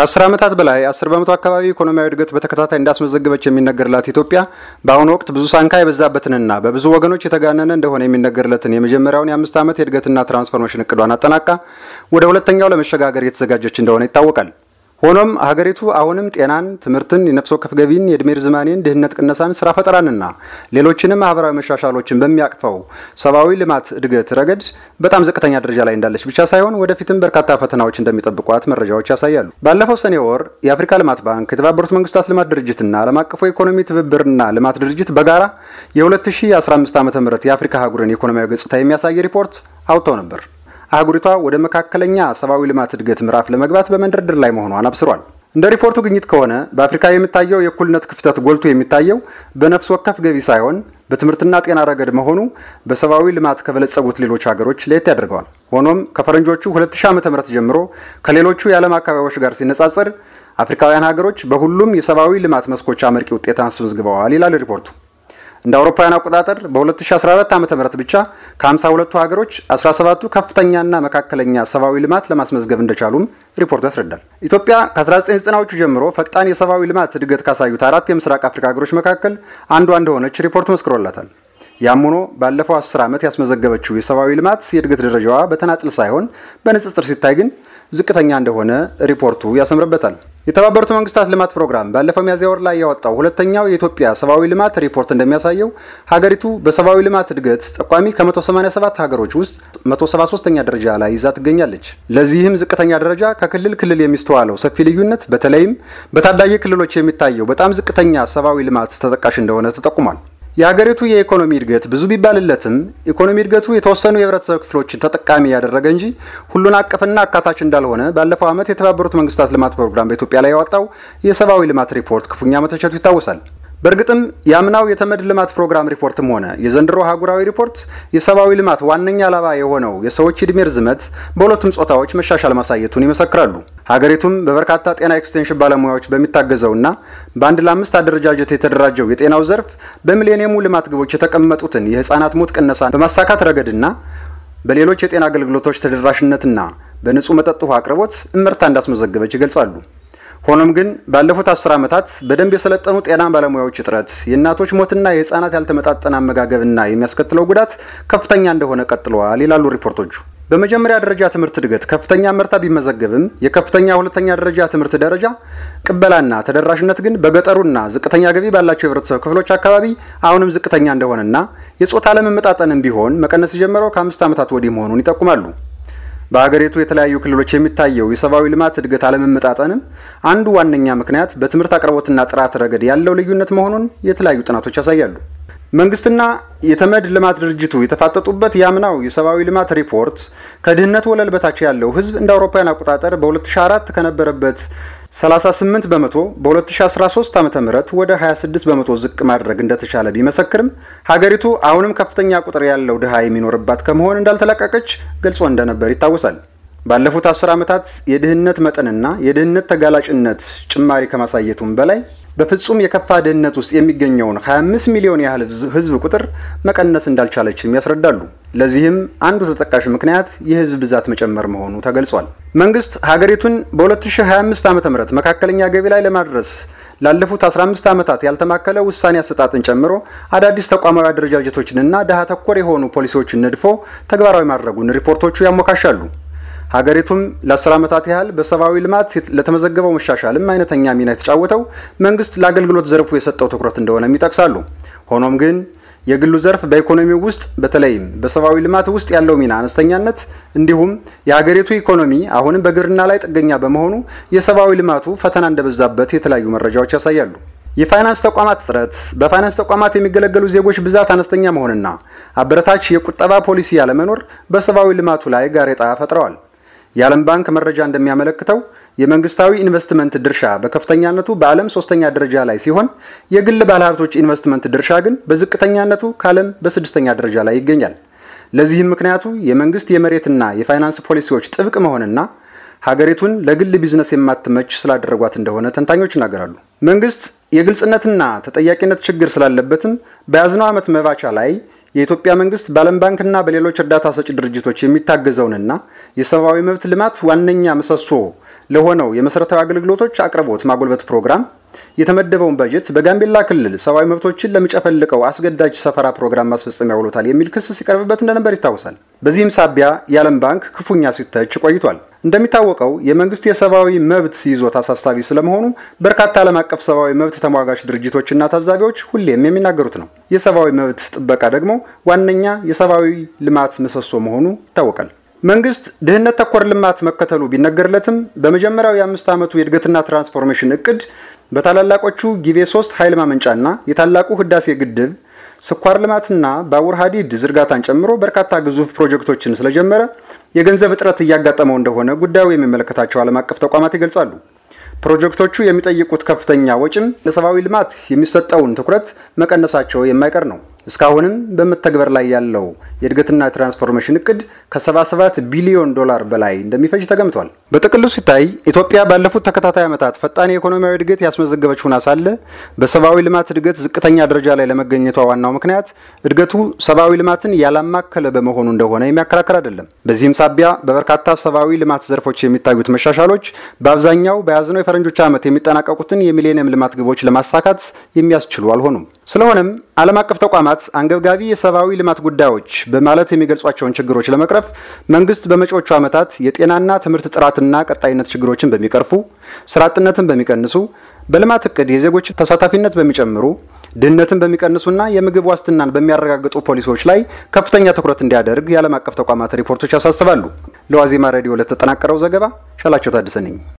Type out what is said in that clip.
ከአስር ዓመታት በላይ አስር በመቶ አካባቢ ኢኮኖሚያዊ እድገት በተከታታይ እንዳስመዘገበች የሚነገርላት ኢትዮጵያ በአሁኑ ወቅት ብዙ ሳንካ የበዛበትንና በብዙ ወገኖች የተጋነነ እንደሆነ የሚነገርለትን የመጀመሪያውን የአምስት ዓመት የእድገትና ትራንስፎርሜሽን እቅዷን አጠናቃ ወደ ሁለተኛው ለመሸጋገር እየተዘጋጀች እንደሆነ ይታወቃል። ሆኖም ሀገሪቱ አሁንም ጤናን፣ ትምህርትን፣ የነፍስ ወከፍ ገቢን፣ የእድሜ ርዝማኔን፣ ድህነት ቅነሳን፣ ስራ ፈጠራንና ሌሎችንም ማህበራዊ መሻሻሎችን በሚያቅፈው ሰብአዊ ልማት እድገት ረገድ በጣም ዝቅተኛ ደረጃ ላይ እንዳለች ብቻ ሳይሆን ወደፊትም በርካታ ፈተናዎች እንደሚጠብቋት መረጃዎች ያሳያሉ። ባለፈው ሰኔ ወር የአፍሪካ ልማት ባንክ፣ የተባበሩት መንግስታት ልማት ድርጅትና ዓለም አቀፉ የኢኮኖሚ ትብብርና ልማት ድርጅት በጋራ የ2015 ዓ ም የአፍሪካ አህጉርን የኢኮኖሚያዊ ገጽታ የሚያሳይ ሪፖርት አውጥተው ነበር። አህጉሪቷ ወደ መካከለኛ ሰብአዊ ልማት እድገት ምዕራፍ ለመግባት በመንደርደር ላይ መሆኗን አብስሯል። እንደ ሪፖርቱ ግኝት ከሆነ በአፍሪካ የሚታየው የእኩልነት ክፍተት ጎልቶ የሚታየው በነፍስ ወከፍ ገቢ ሳይሆን በትምህርትና ጤና ረገድ መሆኑ በሰብአዊ ልማት ከበለጸጉት ሌሎች ሀገሮች ለየት ያደርገዋል። ሆኖም ከፈረንጆቹ 2000 ዓ ም ጀምሮ ከሌሎቹ የዓለም አካባቢዎች ጋር ሲነጻጸር አፍሪካውያን ሀገሮች በሁሉም የሰብአዊ ልማት መስኮች አመርቂ ውጤት አስመዝግበዋል ይላል ሪፖርቱ። እንደ አውሮፓውያን አቆጣጠር በ2014 ዓ ም ብቻ ከ52ቱ ሀገሮች 17ቱ ከፍተኛና መካከለኛ ሰብአዊ ልማት ለማስመዝገብ እንደቻሉም ሪፖርቱ ያስረዳል። ኢትዮጵያ ከ1990ዎቹ ጀምሮ ፈጣን የሰብአዊ ልማት እድገት ካሳዩት አራት የምስራቅ አፍሪካ ሀገሮች መካከል አንዷ እንደሆነች ሪፖርቱ መስክሮላታል። ያም ሆኖ ባለፈው 10 ዓመት ያስመዘገበችው የሰብአዊ ልማት የእድገት ደረጃዋ በተናጥል ሳይሆን በንጽጽር ሲታይ ግን ዝቅተኛ እንደሆነ ሪፖርቱ ያሰምርበታል። የተባበሩት መንግስታት ልማት ፕሮግራም ባለፈው ሚያዝያ ወር ላይ ያወጣው ሁለተኛው የኢትዮጵያ ሰብአዊ ልማት ሪፖርት እንደሚያሳየው ሀገሪቱ በሰብአዊ ልማት እድገት ጠቋሚ ከ187 ሀገሮች ውስጥ 173ኛ ደረጃ ላይ ይዛ ትገኛለች። ለዚህም ዝቅተኛ ደረጃ ከክልል ክልል የሚስተዋለው ሰፊ ልዩነት በተለይም በታዳጊ ክልሎች የሚታየው በጣም ዝቅተኛ ሰብአዊ ልማት ተጠቃሽ እንደሆነ ተጠቁሟል። የሀገሪቱ የኢኮኖሚ እድገት ብዙ ቢባልለትም ኢኮኖሚ እድገቱ የተወሰኑ የህብረተሰብ ክፍሎችን ተጠቃሚ ያደረገ እንጂ ሁሉን አቀፍና አካታች እንዳልሆነ ባለፈው ዓመት የተባበሩት መንግስታት ልማት ፕሮግራም በኢትዮጵያ ላይ ያወጣው የሰብአዊ ልማት ሪፖርት ክፉኛ መተቸቱ ይታወሳል። በእርግጥም የአምናው የተመድ ልማት ፕሮግራም ሪፖርትም ሆነ የዘንድሮ አህጉራዊ ሪፖርት የሰብአዊ ልማት ዋነኛ አላባ የሆነው የሰዎች ዕድሜ ርዝመት በሁለቱም ጾታዎች መሻሻል ማሳየቱን ይመሰክራሉ። ሀገሪቱም በበርካታ ጤና ኤክስቴንሽን ባለሙያዎች በሚታገዘውና በአንድ ለአምስት አደረጃጀት የተደራጀው የጤናው ዘርፍ በሚሌኒየሙ ልማት ግቦች የተቀመጡትን የህፃናት ሞት ቅነሳን በማሳካት ረገድና በሌሎች የጤና አገልግሎቶች ተደራሽነትና በንጹህ መጠጥ ውሃ አቅርቦት እምርታ እንዳስመዘገበች ይገልጻሉ። ሆኖም ግን ባለፉት አስር ዓመታት በደንብ የሰለጠኑ ጤና ባለሙያዎች እጥረት፣ የእናቶች ሞትና የህፃናት ያልተመጣጠነ አመጋገብና የሚያስከትለው ጉዳት ከፍተኛ እንደሆነ ቀጥለዋል ይላሉ ሪፖርቶቹ። በመጀመሪያ ደረጃ ትምህርት እድገት ከፍተኛ መርታ ቢመዘገብም የከፍተኛ ሁለተኛ ደረጃ ትምህርት ደረጃ ቅበላና ተደራሽነት ግን በገጠሩና ዝቅተኛ ገቢ ባላቸው የህብረተሰብ ክፍሎች አካባቢ አሁንም ዝቅተኛ እንደሆነና የጾታ አለመመጣጠንም ቢሆን መቀነስ የጀመረው ከአምስት ዓመታት ወዲህ መሆኑን ይጠቁማሉ። በሀገሪቱ የተለያዩ ክልሎች የሚታየው የሰብአዊ ልማት እድገት አለመመጣጠንም አንዱ ዋነኛ ምክንያት በትምህርት አቅርቦትና ጥራት ረገድ ያለው ልዩነት መሆኑን የተለያዩ ጥናቶች ያሳያሉ። መንግስትና የተመድ ልማት ድርጅቱ የተፋጠጡበት የአምናው የሰብአዊ ልማት ሪፖርት ከድህነት ወለል በታች ያለው ህዝብ እንደ አውሮፓውያን አቆጣጠር በ2004 ከነበረበት 38 በመቶ በ2013 ዓ ም ወደ 26 በመቶ ዝቅ ማድረግ እንደተቻለ ቢመሰክርም ሀገሪቱ አሁንም ከፍተኛ ቁጥር ያለው ድሃ የሚኖርባት ከመሆን እንዳልተለቀቀች ገልጾ እንደነበር ይታወሳል። ባለፉት 10 ዓመታት የድህነት መጠንና የድህነት ተጋላጭነት ጭማሪ ከማሳየቱም በላይ በፍጹም የከፋ ድህነት ውስጥ የሚገኘውን 25 ሚሊዮን ያህል ህዝብ ቁጥር መቀነስ እንዳልቻለችም ያስረዳሉ። ለዚህም አንዱ ተጠቃሽ ምክንያት የህዝብ ብዛት መጨመር መሆኑ ተገልጿል። መንግስት ሀገሪቱን በ2025 ዓ ም መካከለኛ ገቢ ላይ ለማድረስ ላለፉት 15 ዓመታት ያልተማከለ ውሳኔ አሰጣጥን ጨምሮ አዳዲስ ተቋማዊ አደረጃጀቶችንና ድሃ ተኮር የሆኑ ፖሊሲዎችን ነድፎ ተግባራዊ ማድረጉን ሪፖርቶቹ ያሞካሻሉ። ሀገሪቱም ለአስር ዓመታት ያህል በሰብአዊ ልማት ለተመዘገበው መሻሻልም አይነተኛ ሚና የተጫወተው መንግስት ለአገልግሎት ዘርፉ የሰጠው ትኩረት እንደሆነም ይጠቅሳሉ። ሆኖም ግን የግሉ ዘርፍ በኢኮኖሚው ውስጥ በተለይም በሰብአዊ ልማት ውስጥ ያለው ሚና አነስተኛነት እንዲሁም የሀገሪቱ ኢኮኖሚ አሁንም በግብርና ላይ ጥገኛ በመሆኑ የሰብአዊ ልማቱ ፈተና እንደበዛበት የተለያዩ መረጃዎች ያሳያሉ። የፋይናንስ ተቋማት እጥረት፣ በፋይናንስ ተቋማት የሚገለገሉ ዜጎች ብዛት አነስተኛ መሆንና አበረታች የቁጠባ ፖሊሲ ያለመኖር በሰብአዊ ልማቱ ላይ ጋሬጣ ፈጥረዋል። የዓለም ባንክ መረጃ እንደሚያመለክተው የመንግስታዊ ኢንቨስትመንት ድርሻ በከፍተኛነቱ በዓለም ሶስተኛ ደረጃ ላይ ሲሆን የግል ባለሀብቶች ኢንቨስትመንት ድርሻ ግን በዝቅተኛነቱ ከዓለም በስድስተኛ ደረጃ ላይ ይገኛል። ለዚህም ምክንያቱ የመንግስት የመሬትና የፋይናንስ ፖሊሲዎች ጥብቅ መሆንና ሀገሪቱን ለግል ቢዝነስ የማትመች ስላደረጓት እንደሆነ ተንታኞች ይናገራሉ። መንግስት የግልጽነትና ተጠያቂነት ችግር ስላለበትም በያዝነው ዓመት መባቻ ላይ የኢትዮጵያ መንግስት በዓለም ባንክና በሌሎች እርዳታ ሰጪ ድርጅቶች የሚታገዘውንና የሰብአዊ መብት ልማት ዋነኛ ምሰሶ ለሆነው የመሠረታዊ አገልግሎቶች አቅርቦት ማጎልበት ፕሮግራም የተመደበውን በጀት በጋምቤላ ክልል ሰብአዊ መብቶችን ለሚጨፈልቀው አስገዳጅ ሰፈራ ፕሮግራም ማስፈጸሚያ ውሎታል የሚል ክስ ሲቀርብበት እንደነበር ይታወሳል። በዚህም ሳቢያ የዓለም ባንክ ክፉኛ ሲተች ቆይቷል። እንደሚታወቀው የመንግስት የሰብአዊ መብት ይዞት አሳሳቢ ስለመሆኑ በርካታ ዓለም አቀፍ ሰብአዊ መብት ተሟጋች ድርጅቶችና ታዛቢዎች ሁሌም የሚናገሩት ነው። የሰብአዊ መብት ጥበቃ ደግሞ ዋነኛ የሰብአዊ ልማት ምሰሶ መሆኑ ይታወቃል። መንግስት ድህነት ተኮር ልማት መከተሉ ቢነገርለትም በመጀመሪያው የአምስት ዓመቱ የእድገትና ትራንስፎርሜሽን እቅድ በታላላቆቹ ጊቤ ሶስት ኃይል ማመንጫና የታላቁ ህዳሴ ግድብ ስኳር ልማትና ባቡር ሀዲድ ዝርጋታን ጨምሮ በርካታ ግዙፍ ፕሮጀክቶችን ስለጀመረ የገንዘብ እጥረት እያጋጠመው እንደሆነ ጉዳዩ የሚመለከታቸው ዓለም አቀፍ ተቋማት ይገልጻሉ። ፕሮጀክቶቹ የሚጠይቁት ከፍተኛ ወጪም ለሰብአዊ ልማት የሚሰጠውን ትኩረት መቀነሳቸው የማይቀር ነው። እስካሁንም በመተግበር ላይ ያለው የእድገትና ትራንስፎርሜሽን እቅድ ከ77 ቢሊዮን ዶላር በላይ እንደሚፈጅ ተገምቷል። በጥቅሉ ሲታይ ኢትዮጵያ ባለፉት ተከታታይ ዓመታት ፈጣን የኢኮኖሚያዊ እድገት ያስመዘገበች ሁና ሳለ በሰብአዊ ልማት እድገት ዝቅተኛ ደረጃ ላይ ለመገኘቷ ዋናው ምክንያት እድገቱ ሰብአዊ ልማትን ያላማከለ በመሆኑ እንደሆነ የሚያከራክር አይደለም። በዚህም ሳቢያ በበርካታ ሰብአዊ ልማት ዘርፎች የሚታዩት መሻሻሎች በአብዛኛው በያዝነው የፈረንጆች ዓመት የሚጠናቀቁትን የሚሌኒየም ልማት ግቦች ለማሳካት የሚያስችሉ አልሆኑም። ስለሆነም ዓለም አቀፍ ተቋማት አንገብጋቢ የሰብአዊ ልማት ጉዳዮች በማለት የሚገልጿቸውን ችግሮች ለመቅረፍ መንግስት በመጪዎቹ ዓመታት የጤናና ትምህርት ጥራት የጥራትና ቀጣይነት ችግሮችን በሚቀርፉ፣ ስራ በሚቀንሱ፣ በልማት እቅድ የዜጎች ተሳታፊነት በሚጨምሩ፣ ድህነትን በሚቀንሱና የምግብ ዋስትናን በሚያረጋግጡ ፖሊሲዎች ላይ ከፍተኛ ትኩረት እንዲያደርግ የዓለም አቀፍ ተቋማት ሪፖርቶች ያሳስባሉ። ለዋዜማ ሬዲዮ ለተጠናቀረው ዘገባ ሻላቸው ታደሰ ነኝ።